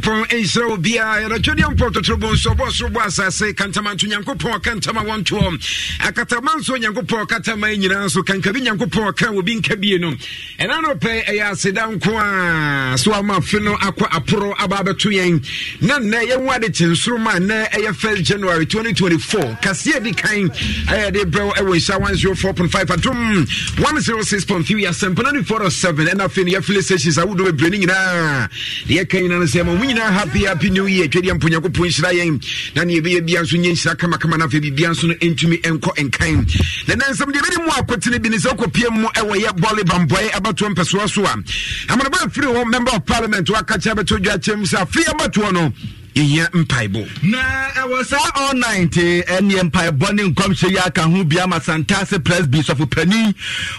nyankopɔn nhyira wɔ biaa yɛdatwadeɛ nso ɔbɔ asase wɔntoɔ akatama nso nyankopɔn katama nyinaa nso nyankopɔn ka wɔbi nka bie no ɛna no pɛ ɛyɛ aseda nko a so ama fe no akɔ aba abɛto yɛn na nnɛ yɛwo ade kye nsoroma nnɛ ɛyɛ january 2024 kaseɛ di kan brɛ ɛwɔ nhyia 104.5 106.3 ɛna afei no yɛfile no nyinaa deɛ no sɛ ma nyinaa happy happy new year twɛdeɛ mpo nyankopɔn nhyira yɛn na ne yɛbɛyɛ bia nso nyɛ nhyira kamakama no afei biribia nso no ɛntumi ɛnkɔ nkan na nɛ nsɛm deɛ bɛde mu akɔtene bi ne sɛ wokɔpie mu ɛwɔ yɛ bɔle bambɔe abatoɔ mpɛsoɔ so a amanaba afiri hɔ member of parliament waka kyɛ bɛtɔ dwakyɛm sɛ afei abatoɔ no yɛyɛ mpaebɔ na ɛwɔ saa online te ɛneɛ mpaebɔ ne nkɔmhyɛ yi aka ho bia ma santase press presby sɔfopani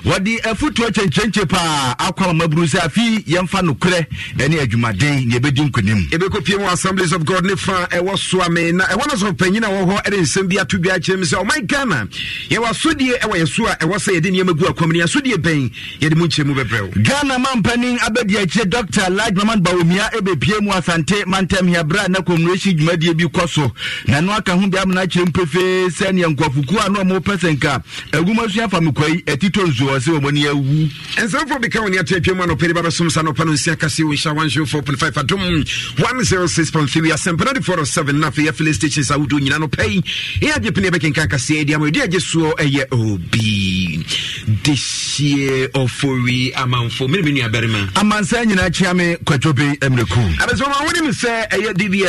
wɔde afotuo kyenkyenkye paa akɔ ama maburu sɛ afei yɛmfa nokorɛ ɛne adwumaden ne yɛbɛdi nkonim yɛbɛkɔ pie mu assemblies of god ne fa ɛwɔ so ame na ɛhɔ no sɔfopanyin a wɔ hɔ ɛde nsɛm bi ato dwa akyerɛ m sɛ ɔman oh ghana yɛwɔ asodeɛ ɛwɔ yɛ so a ɛwɔ sɛ yɛde nneɛma gu akwam ne asodeɛ bɛn yɛde mu nkyerɛ mu bɛbrɛw ghana mampanin abɛdi akyirɛ dr lage maman baomia ɛbɛpie mu asante mantam hiabra na na communation dwumadie bi kɔ so na ɛno aka ho deɛ amena akyerɛ mpefee sɛneɛ nkurɔfokuo a na ɔmo pɛ sɛ nka aguma sua fa me kwai atitɔ nsuo wɔ sɛ ɔmɔ ne awu ɛnsɛmfoɔ bika wo ne atoa atwa mu anɔpɛ de babɛsom sa nɔpa no nsia kase wo nhyɛ 104.5 adom 106.3 asɛmpana de 407 na afei afile stations ahodoɔ nyina no pɛi ɛyɛ agye pene ɛbɛkenka kaseɛ di ama ɛdi agye soɔ ɛyɛ obi dehyeɛ ɔfori amanfo mene me nuabarima amansa nyinaa kyea me kwadwo bi mmerɛku abɛsɛ ma wonim sɛ ɛyɛ dibia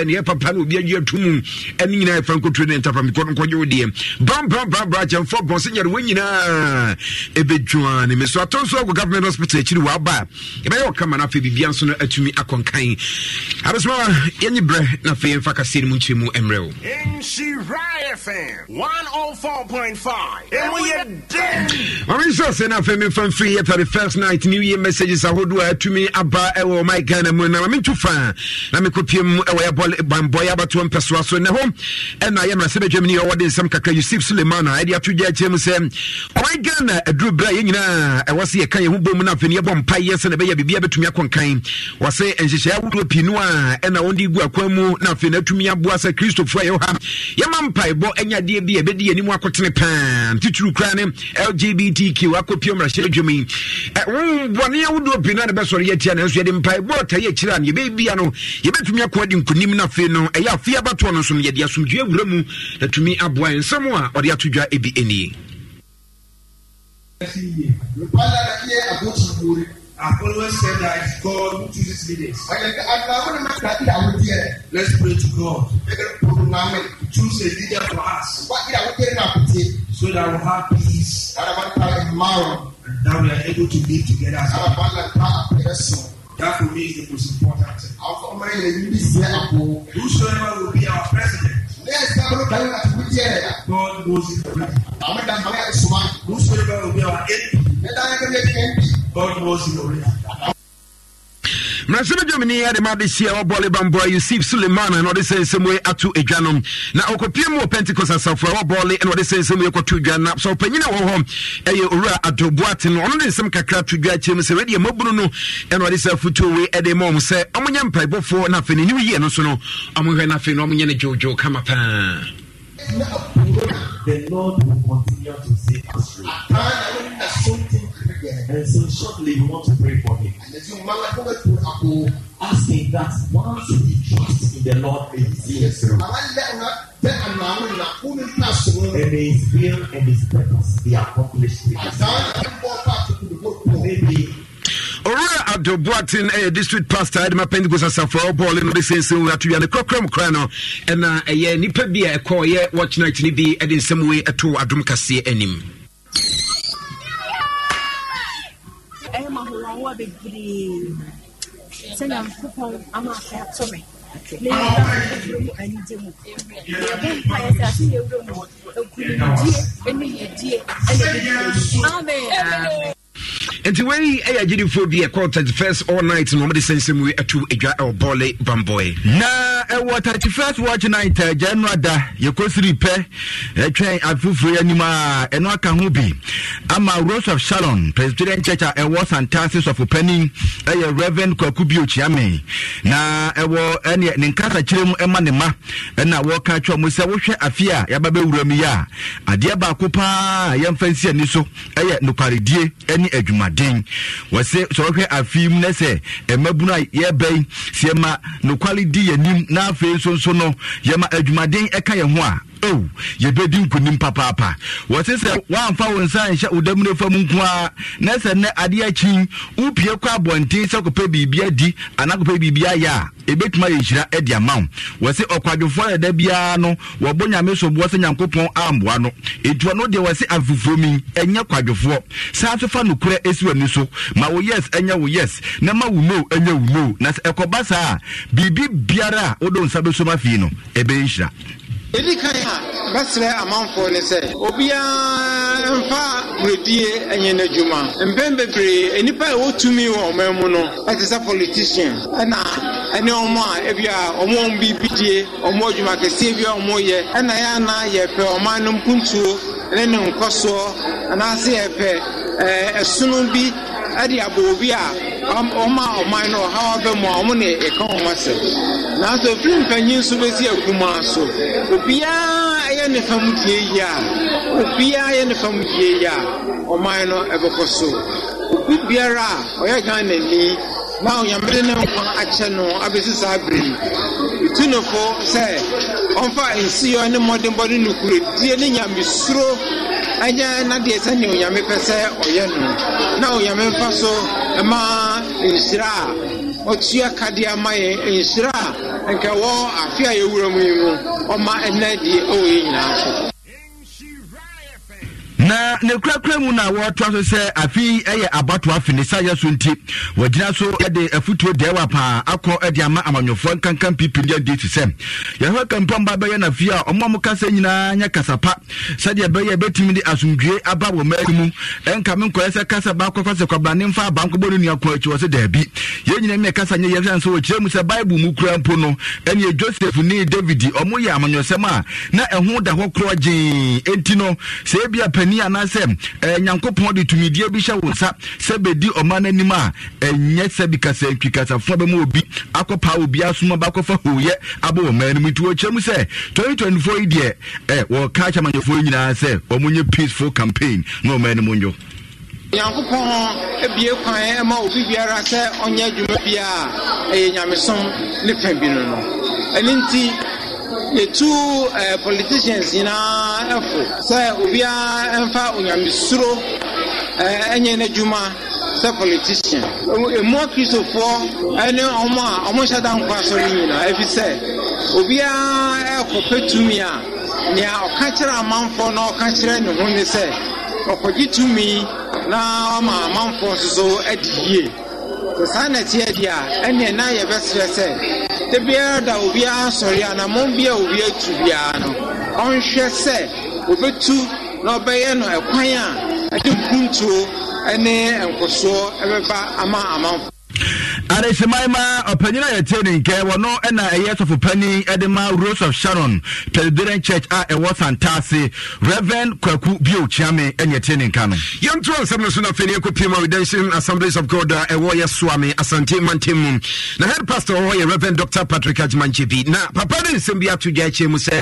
ɛyɛ ne yɛpapa no obi adi ato mu ɛne nyinaa yɛfa nkotuo ne ntapa mekɔ no nkɔgye wo deɛ brambrambra akyɛmfo bɔn sɛ nyɛre wɔn nyinaa ɛbɛdwua ne me so atɔ nso agu government hospital akyiri wɔaba a ɛbɛyɛ ɔkama no afei biribia nso no atumi akɔnkan abɛsoma yɛnye berɛ na afei yɛmfa kaseɛ no mu nkyerɛ mu mmerɛ wo FM 104.5. And we are dead. Mami sọ sẹ na from fan free yẹ first night new year messages ahodoɔ a ɛtumi aba ɛwɔ ɔman ghana mu na mami ntu fa na mi ko pie mu ɛwɔ ɛbɔ bambɔ yɛ abatoɔ mpɛsoa so na I'm yɛ mmerɛsɛ bɛdwam ni ɔwɔ de nsɛm kakra yusuf suleiman a ɛde ato gya akyerɛ mu sɛ ɔman ghana aduru berɛ a yɛn nyinaa ɛwɔ se yɛka yɛn ho bɔ mu na afei yɛbɔ mpa yɛ sɛ na ɛbɛyɛ biribi abɛtumi akɔ nkan wɔsɛ nhyehyɛ ahodoɔ pii no a ɛna wɔn de gu akwan mu na afei na atumi aboa sɛ kristofoɔ a yɛwɔ ha ɛbɔ anyadeɛ bi a ɛbɛdi anim akɔtene paa titiri kora ne lgbtq akɔpie mmarahyɛ adwuma yi wobɔne ahodoɔ pii no ade bɛsɔre yɛtia nanso yɛde mpaebɔ ɔtaeɛ akyirɛ a no yɛbɛbia no yɛbɛtumi akɔ adi nkonim no afei no ɛyɛ afei abatoɔ no nso no yɛde asomdwue awura mu na aboa nsɛm a ɔde ato dwa ɛbi ɛnie I've always said that it's God who chooses leaders. Let's pray to God programming to choose a leader for us. So that we we'll have peace. And that we are able to live together that to as well. That for me is the most important thing. Whosoever will be our president. God knows it. Whosoever will be our MP. God knows the already mmerɛsɛ no ade ma de hyia wɔbɔle yosef suleman na ɔde sɛ yi ato adwa no na ɔkɔpie wɔ pentecost asafo a wɔbɔle na ɔde sɛ yi kɔto dwa na sɛ a wɔ hɔ ɛyɛ owura adoboate no ɔno de nsɛm kakra to dwa akyerɛ mu sɛ wadeɛ mabunu no ɛna ɔde sɛ afotuo wei ma ɔm sɛ ɔmonyɛ mpaebɔfoɔ na afei ne ne no so no ɔmohwɛ no afei na ɔmonyɛ no gyewogyewo kama paa The Lord will continue to see us through. And so shortly we want to pray for him nti mmala kọ́mẹ́tò àpò. asking that once we trust in the Lord may he see us through. àwọn ilé ọ̀nà tẹ àná àwọn ìlà kún ní ní àsùnwó. and his will and his purpose be accomplished with us. àtàwọn ẹ̀ka ń bọ́ pàtó kúndùkú. maybe. owura adoboaten eh, ɛyɛ district pastor ɛde ma pentecost asafoa wɔbɔɔle no de sensɛm wei atoyia ne korɔkorɔm kora no ɛna ɛyɛ nnipa bi a ɛkɔɔyɛ watch night no bi ɛde nsɛm wei ɛtoo adom kaseɛ anim nketewa bebree sɛ nyankopɔn ama akɔyɛto me na yɛwura mu anigye mu yɛbɔ mpa yɛ sɛ ase yɛwura mu akunimdie ne yɛdie ɛne bɛdie amen nti wei ɛyɛ agyedifoɔ bi ɛkɔ 31st all night na ɔmde sɛnsɛm wei ato adwa ɛwɔ bɔle bambɔe na ɛwɔ 31st watch night eh, agya no ada yɛkɔsiri pɛ ɛtwɛn afoforɔ anim a ɛno aka ho bi ama rose of shalon presbyterian church a ɛwɔ santase sɔfopanin ɛyɛ reverend kwaku bio kyiame na ɛwɔ ɛne ne nkasakyerɛ mu ɛma ne ma ɛna wɔka kyerɛ mu sɛ wohwɛ afe a yɛaba bɛwura mu yi a adeɛ baako paa yɛmfa nsi ani so ɛyɛ nokwaredie ne adwuma aden wɔsɛ sɛ wɔhwɛ afei mu nɛ sɛ mmabunu a yɛbɛ yi sɛ yɛma nokware di yɛnim na afei nso nso no yɛma adwumaden ɛka yɛn ho a o oh, yɛbɛdi nkonim papaapa wɔte sɛ woamfa wo nsa nhyɛ wo damune fa mu nko a na sɛ nnɛ adeɛ akyi wopie kɔ abɔnten sɛ kɔpɛ biribi adi anaa kɔpɛ biribi ayɛ a ɛbɛtumi ayɛ nhyira adi ama wo wɔ se ɔkwadwofoɔ ɛda biara no wɔbɔ nyame soboɔ sɛ nyankopɔn amboa no ɛnti ɔno deɛ wɔ se afoforɔmi ɛnyɛ kwadwofoɔ saa so fa nokorɛ ɛsi w'ani so ma wo yes ɛnyɛ wo yes na ma wo no ɛnyɛ wo no na ɛkɔba saa biribi biara a wode wo nsa bɛsom ɛdi kan a bɛsrɛ amanfoɔ ne sɛ obiara mfa buredie ɛnyɛ n'adwuma mpɛn bebree nnipa a ɛwɔ tumi wɔ ɔman mu no ɛte sɛ politician ɛna ɛne wɔn a ebi a wɔn ɔmo bi wɔn ɔmo adwuma kɛseɛ bi a wɔn yɛ ɛna yɛ ana yɛpɛ ɔman no mpuntuo ne ne nkɔsoɔ anaasɛ pɛ. ɛɛ ɛsono bi ɛde abɔ obi a ɔma ɔman no ɔhaw abɛ e mu a ɔmo ne ɛka wɔn asɛm nanso efiri mpanyin nso besi akuma so obiara ɛyɛ ne fam die yie obiara ɛyɛ ne fam die yie ɔman no ɛbɛkɔ e so obi biara a ɔyɛ ghana ni na onyamere ne nkwa akyɛ no abesi saa abiri mu tunufo sɛ ɔmfa nsiɔ ne mmɔdemmɔde no kure die ne nyamesuro ɛnyɛ nadeɛ sɛnea onyame pɛ sɛ ɔyɛ no na onyame mfa so ɛmaa. E nsira a ɔtua kadeɛ ama yɛn nsira a nka wɔ afe a yɛwura mu yi mu ɔma ɛnna deɛ ɛwɔ yɛn nyinaa so na ne kurakura mu na wɔtoa so sɛ afi yɛ abatoa finisa yɛ so nti wɔgyina so yɛde afutuo dɛwa paa akɔ de ama amanyɔfoɔ nkankan pipi ne adi sɛ yɛhwɛ kampamba bɛyɛ nafie a ɔmo a mo kasa nyinaa nyɛ kasapa sɛdeɛ ɛbɛyɛ ɛbɛtumi de asomdwe aba wɔ ma mu ɛnka me nkɔyɛ sɛ kasa ba fa sɛ kwabrane mfa abankɔbɔ no nua kɔ akyi wɔ sɛ daabi yɛn nyina mia kasa nyɛ yɛfɛ sɛ wɔkyerɛ mu sɛ bible mu kura mpo no ɛneɛ joseph ne david ɔmo yɛ amanyɔsɛm a na ɛho da hɔ korɔ gyee enti no sɛ ebia panin tumi anaasɛ nyankopɔn de tumidie bi hyɛ wo nsa sɛ bɛdi ɔma no anim a ɛnyɛ sɛ bi kasantwi kasafoɔ bɛma obi akɔpaa obi asoma bakɔfa hoyɛ abɔ wɔ maa no mu nti wɔkyerɛ mu sɛ 2024 yi deɛ wɔka akyɛmanyɛfoɔ nyinaa sɛ ɔmonyɛ peaceful campaign na ɔma no mu nnwo nyankopɔn abie kwan ma obi biara sɛ ɔnyɛ adwuma bi a ɛyɛ nyamesom ne fa bi no no ɛno nti yɛtu eh, politicians nyinaa ɛfo eh, sɛ obiara ɛmfa onyamesuro ɛnyɛ eh, n'adwuma sɛ politician ɛmu akristofoɔ ɛne ɔmo a ɔmo hyɛ da nkwa so no nyinaa ɛfi sɛ obiara ɛkɔpɛ tumi a nea ɔka kyerɛ amanfoɔ na ɔka kyerɛ ne ho ne sɛ ɔkɔgye tumi na ɔma amanfoɔ nso so adi yie saa na ɛteɛ deɛ a ɛneɛ na yɛbɛserɛ sɛ da biara da obiara asɔre anammɔn bi a obi atu biara no ɔnhwɛ sɛ wɔbɛtu na ɔbɛyɛ no ɛkwan a ɛde kuntuo ne nkosoɔ ɛbɛba ama amanfo adehyeman ma ɔpanyin a yɛte ne nkɛ wɔno ɛna ɛyɛ sɔfo panyin ɛde ma rose of sharon presbyterian church a ɛwɔ santaase reverend kwaku bio kyiame ɛne ne nka no yɛnto nsɛm no so na afei ne a assemblies of god uh, a ɛwɔ yɛ soame asante mantam mu na head pastor wɔ yɛ reverend dr patrick agyemankyɛ bi na papa ne nsɛm bi ato gya akyɛ mu sɛ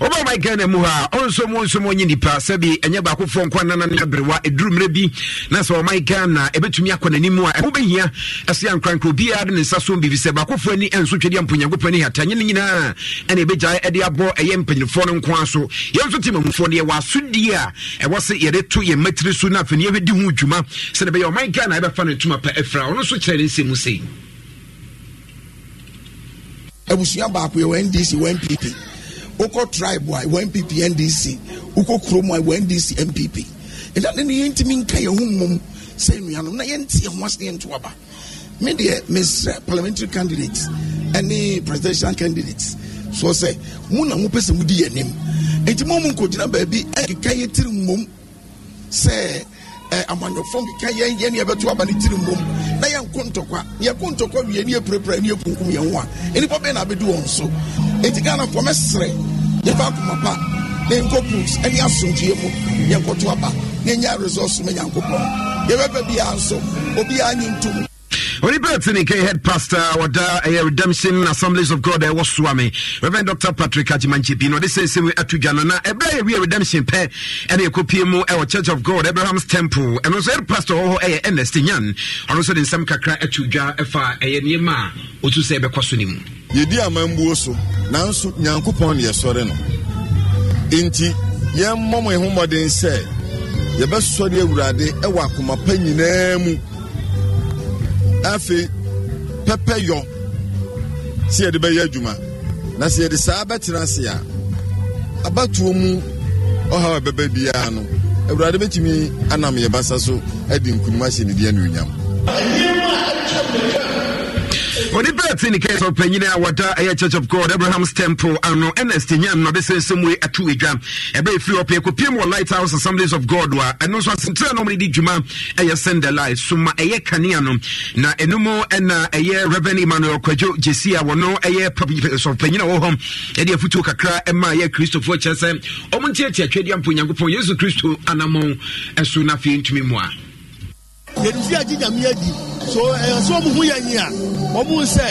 wɔba ma ghana mu hɔ a ɔnsom nsom ɔnye nnipa sɛbi ɛnyɛ baakofoɔ nkɔ anana ne aberewa ɛduru mmerɛ bi na sɛ ɔma ghana ɛbɛtumi akɔ n'anim a ɛho bɛhia ɛsɛ ankrankrɔ obiara de ne nsa so biribi sɛ baakofoɔ ani nso twɛdeɛ mpo nyankopɔn ani hata nyɛ no nyinaa ɛne ɛbɛgyae de abɔ ɛyɛ mpanyinifoɔ no nko a so yɛn nso te mamufoɔ no yɛwɔ asodie a ɛwɔ sɛ yɛde to yɛ mmatiri so no afei yɛbɛdi ho dwuma sɛde bɛyɛ ɔman ghana ɛbɛfa no tuma pa afira ɔno nso kyerɛ ne nsɛm sei abusua baako yɛwɔ ndc wɔ npp wokɔ tribe a ɛwɔ npp ndc wokɔ kurom a ɛwɔ ndc npp ɛda ne ne yɛntumi nka yɛ ho mmom sɛ nnuanom na yɛntie ho ase yɛnto aba me deɛ miss parliamentary candidates ɛne presidential candidates soɔ sɛ mu na mopɛ sɛ mudi yɛ anim enti mo mu nkɔgyina baabi ɛkeka yɛ tiri mmom sɛ amanyɔfoɔ keka yɛn yɛn ne yɛbɛto aba ne tiri mmom na yɛnko ntɔkwa yɛko ntɔkwa wie ne yɛpirapira ne yɛkunkum yɛn ho a nnipa bɛn na abɛdi wɔn so enti ghanafoɔ mɛsrɛ yɛbɛ akoma pa na nkɔ pools ne asomdue mu yɛnkɔto aba na ɛnya resource ma nyankopɔn yɛbɛba biara nso obiara nye ntom Oliver Tinike, head pastor, Wada uh, Redemption Assemblies of God, uh, was Swami, Reverend Dr. Patrick Ajimanchipino. This is we at Ganana, Ebra, we redemption pair, and a mu our Church of God, Abraham's Temple, and also head pastor, oh, oh eh, eh, Ernest Yan, and also in some Kakra at Juga, Efa, eh, eh Nima, Utu Sebe Kwasunim. Yedia Mambuoso, Nansu Nyankupon, yes, Soreno nti yɛn mmɔ mo ho mmɔden sɛ yɛbɛsɔre awurade ɛwɔ akoma pa nyinaa mu afei pɛpɛ yɔ sɛ yɛde bɛyɛ adwuma na sɛ yɛde saa bɛtena ase a abatoɔ mu ɔhaw ɛbɛbɛ biara no awurade bɛtumi anam yɛbasa so adi nkunim ahyɛ ne deɛ anuonyam that's in the case of Penina Wata, uh, a church of God, Abraham's Temple, uh, and no Ernest Yan, no, this is some way at two exam. A very few of Lighthouse Assemblies of God, and also nso normally did Juma, a year send the light, Suma, a year Canianum, na ɛnom and uh, a year Emmanuel Kwajo, Jesia, or no, a year public of Penina or home, a dear Futu Kakra, and my year Christopher Chesem, Omontia, Chedian Punyakupo, Yesu Christo, and among no soon ntumi mu me more. yɛde fi agye nyame adi so ɛyɛ eh, sɛ ɔmo ho yɛ nyi a ɔmo eh, sɛ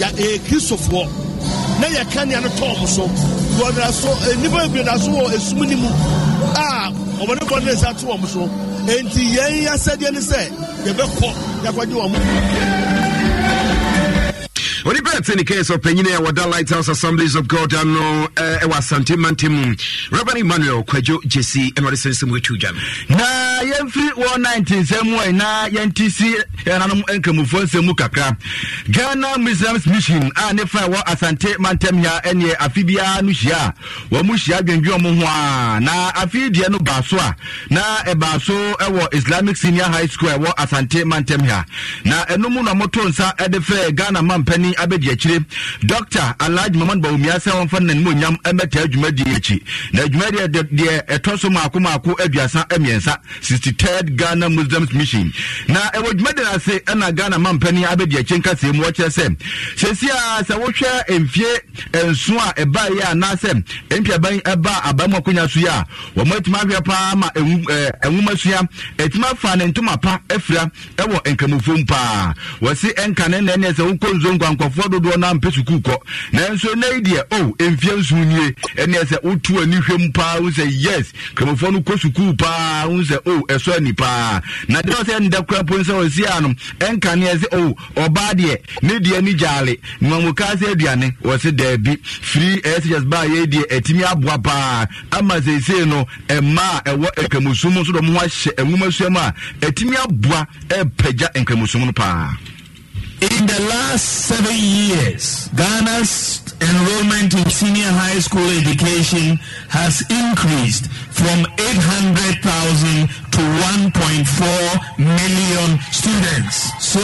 yɛ kristofoɔ na yɛka nea no tɔn mo so wɔda so eh, nnipa bebree da so wɔ esum ne mu a ɔmo ne bɔ ne nsa to wɔn so enti yɛn asɛdeɛ ne sɛ yɛbɛkɔ yɛakɔgye wɔn mo onipa ɛte ne kɛɛ sɛ ɔpanyini a wɔda house assemblies of god ano eh, ɛwɔ asante mante mu reverend emmanuel kwadwo gyesi ɛna ɔde sɛnsɛm watu dwa no na yɛmfiri wɔ 19 sɛm mu na yɛnti si ɛnanom nkramufoɔ nsɛm kakra ghana muslims mission a ne fa wɔ asante mantam ya ɛneɛ afe biara no hyia a wɔn mu hyia dwendwen ɔmo ho a na afe deɛ no baa so a na ɛbaa so ɛwɔ islamic senior high school ɛwɔ asante mantam ya na ɛno mu na moto nsa ɛde fɛ ghana mampani Abedi abɛdi akyire dɔkta alhaji mamad bawumia sɛ wɔmfa no nanim onyam mmɛta adwumadi akyi na adwumadiɛ deɛ ɛtɔ so maako maako aduasa mmiɛnsa 63rd ghana muslims mission na ɛwɔ dwumadi no ase ɛna ghana ma mpani abɛdi akyi nkaseɛ mu wɔkyerɛ sɛ sɛsi a sɛ wohwɛ mfie nso a ɛbaeɛ anaasɛ mpiaban ɛba abamu akonya so yi a wɔn atumi ahwɛ paa ma nwoma sua atumi afa ne ntoma pa afira ɛwɔ nkramofom paa wɔsi ɛnka ne nnɛ sɛ wokɔ nzo nkwankwa nkurɔfoɔ dodoɔ no ampɛ sukuu kɔ nanso nna yi deɛ o oh, mfie nsu nie ɛneɛ sɛ wotu ani hwɛm paa wo sɛ yes kramofoɔ no kɔ sukuu paa wo sɛ o oh, ɛsɔ ani paa na deɛ sɛ ndɛ kora po sɛ ɔsia no ɛnkaneɛ sɛ o ɔbaa deɛ ne deɛ ne gyaale nwamukaa sɛ aduane wɔ se daabi firi ɛsɛgyas baa yɛ deɛ atumi aboa paa ama seesei no ɛma a ɛwɔ nkramusum nso dɔm ho ahyɛ nwoma suam a atumi aboa ɛpagya nkramusum no paa In the last seven years, Ghana's enrollment in senior high school education has increased from 800,000 to 1.4 million students. So,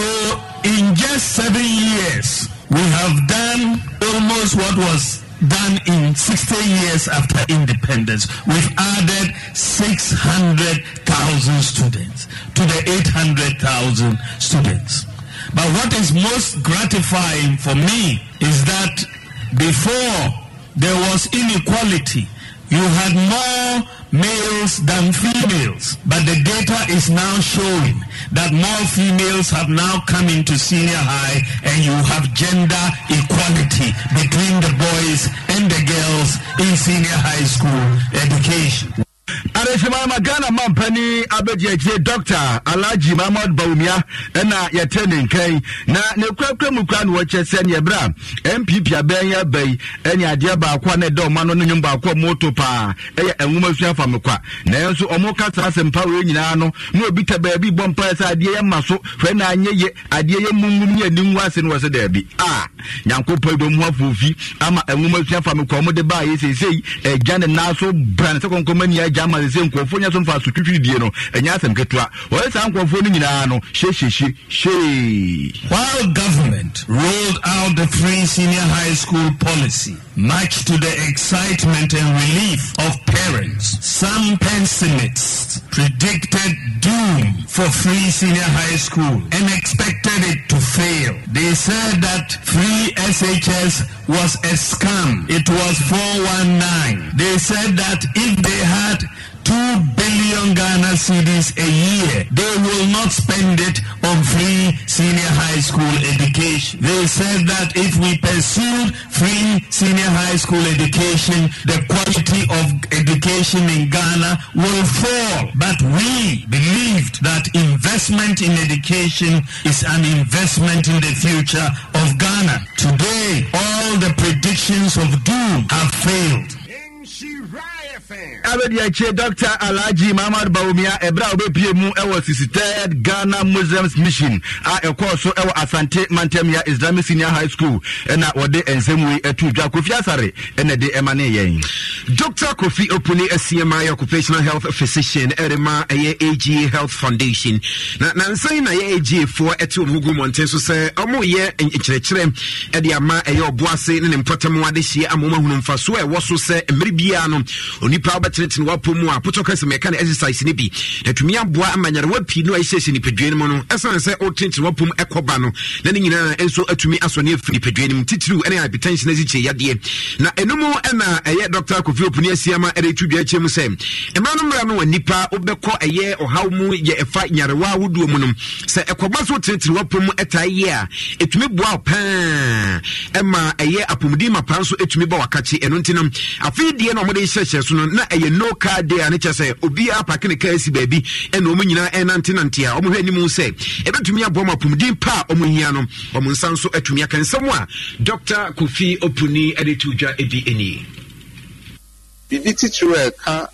in just seven years, we have done almost what was done in 60 years after independence. We've added 600,000 students to the 800,000 students. But what is most gratifying for me is that before there was inequality, you had more males than females. But the data is now showing that more females have now come into senior high and you have gender equality between the boys and the girls in senior high school education. adesimama ghana mampani abegyeagyire dr alhaji mahmad baumia ɛna yɛte ne nkɛn na ne kurakura mu kura ne wɔkyɛ sɛ neɛ berɛ a mpp abɛn yɛ aba yi ɛne adeɛ baako a na ɛda ɔma no no nwom baako a moto paa ɛyɛ nwoma sua fa kwa nanso ɔmo kasa asɛmpa wei nyinaa no na obi ta baabi bɔ mpa sɛ adeɛ yɛ ma so hwɛ na anyɛ ye adeɛ yɛ mumum ne ani ngu ase no wɔ sɛ daabi a nyankopɔn dom ho afofi ama nwoma sua fa kwa ɔmo de baa yɛ seesei agya ne naa so sɛ kɔnkɔma nia agya ama sɛ nkurɔfoɔ nya so mfa so twitwiri die no ɛnyɛ asɛm ketewa saa nkurɔfoɔ no nyinaa no hyehyehye hyee while government rolled out the free senior high school policy much to the excitement and relief of parents some pessimists predicted doom for free senior high school and expected it to fail they said that free shs was a scam it was 419 they said that if they had 2 billion Ghana cedis a year. They will not spend it on free senior high school education. They said that if we pursued free senior high school education, the quality of education in Ghana will fall. But we believed that investment in education is an investment in the future of Ghana. Today, all the predictions of doom have failed. abɛdi akyire dr alhaji mahamad bawumia ɛberɛ a wobɛpie mu ɛwɔ 63 ghana muslims mission a ɛkɔɔ so ɛwɔ asante mantamia islamic senior high school ɛna wɔde nsɛm wei ato dwa kofi asare ɛna de ɛma ne yɛn dr kofi opune asiama occupational health physician ɛrema ɛyɛ aga health foundation na nansan na yɛ aga foɔ ɛte ɔmo gu mmɔnten so sɛ ɔmo nkyerɛkyerɛ ɛde ama ɛyɛ ɔboase ne ne mpɔtam ade hyia ama mfasoɔ ɛwɔ so sɛ mmere biara no onipa nipa wobɛtenetene wapɔ mu a potɔ ka sɛ mɛka no exercise no bi natumi aboa ama nyarewa pii no a ɛsiesie nipadua no mu no ɛsiane sɛ wotenetene wapɔ mu ɛkɔ ba no na ne nyinaa nso atumi asɔne afiri nipadua no mu titiriw ɛne hypertension no asikye yadeɛ na ɛnom ɛna ɛyɛ dr kofi opuni asiama ɛde tu dua kyɛ mu sɛ mmerɛ no mmra no wɔ nipa wobɛkɔ ɛyɛ ɔhaw mu yɛ ɛfa nyarewa wodoɔ mu no sɛ ɛkɔba so wotenetene wapɔ mu ɛtaa yɛ a ɛtumi boa wo paa ɛma ɛyɛ apɔmudin mapa nso ɛtumi ba wakakye ɛno nti no afei deɛ na ɔmode hyɛhyɛ so no na ɛyɛ no car day a ne kyɛ sɛ obiara pake ne kaa si baabi ɛna ɔmo nyinaa ɛnantenante a ɔmo hwɛ anim sɛ ɛbɛtumi aboa ma apomden pa a ɔmo hia no ɔmo nsa nso atumi aka nsɛm a dr kofi opuni ɛde to dwa ɛdi ani biribi titiri a ɛka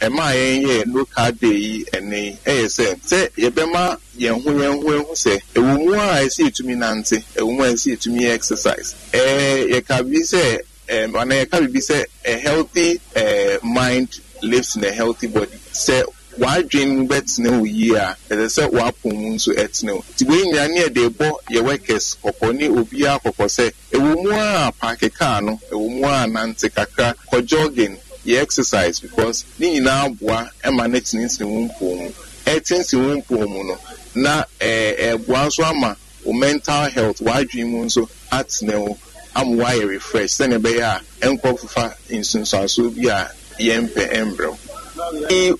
ɛma yɛn yɛ no car day yi ɛne ɛyɛ sɛ sɛ yɛbɛma yɛn ho yɛn ho ɛho sɛ ɛwɔ mu a ɛsi etumi nante ɛwɔ a ɛsi etumi exercise ɛɛ yɛka bi sɛ um, anaa yɛka biribi sɛ a healthy uh, mind lives in a healthy body sɛ w'adwene mu bɛtena wo yie a ɛsɛ sɛ w'apɔn mu nso ɛtena wo nti wei nyinaa ne yɛde bɔ yɛ workers kɔkɔ ne obiara kɔkɔ sɛ ɛwɔ mu a paake kaa no ɛwɔ mu a nante kakra kɔ jogging yɛ exercise because ne nyinaa aboa ɛma ne tenetene wo mpɔn mu ɛtenetene wo mpɔn mu no na ɛɛ ɛɛboa nso ama wo mental health w'adwene mu nso atena wo ama wayɛ refresh sɛnea e e, ɛbɛyɛ a ɛnkɔ fofa nsonsanso bi a yɛmpɛ ɛmbrɛw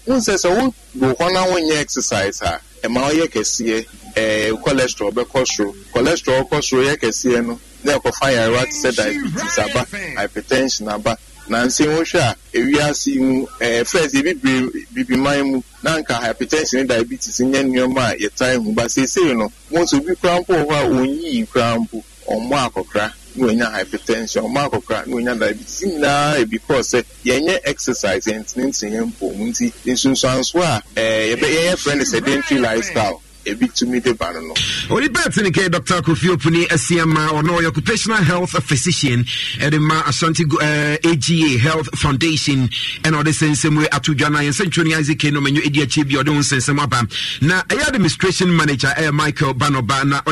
wosɛ sɛ wodo hɔ na wonyɛ exercise a ɛma woyɛ kɛseɛ ɛɛ cholesterol bɛkɔ soro cholesterol kɔ soro yɛ kɛseɛ no na ɛkɔfa yarewa te sɛ diabetes aba hypertension aba nansi wohwɛ a ewiase mu ɛɛ first ebi bibi man mu na nka hypertension ne diabetes nyɛ nneɛma a yɛtaa ehu ba seesei no mo nso obi koraa mpo wɔ hɔ a onyiyi koraa mpo ɔmo akɔkora na wɔanya hypertension ɔmo akɔkora na wɔanya diabetes nyinaa ebi kɔɔ sɛ yɛnyɛ exercise yɛntenetene yɛn nti nsonsanso a ɛɛ yɛbɛ yɛyɛ frɛ no sedentary lifestyle ebi tumi de ba no no. onipa atene kɛ dr kofi opuni asiama ɔno ɔyɛ occupational health physician ɛde ma asante uh, aga health foundation ɛna ɔde sɛ nsɛm ato dwa na yɛnsɛ ntwoni isaac no manyɛ ɛdi akyire bi ɔde ho nsɛnsɛm aba na ɛyɛ administration manager ɛyɛ michael banoba na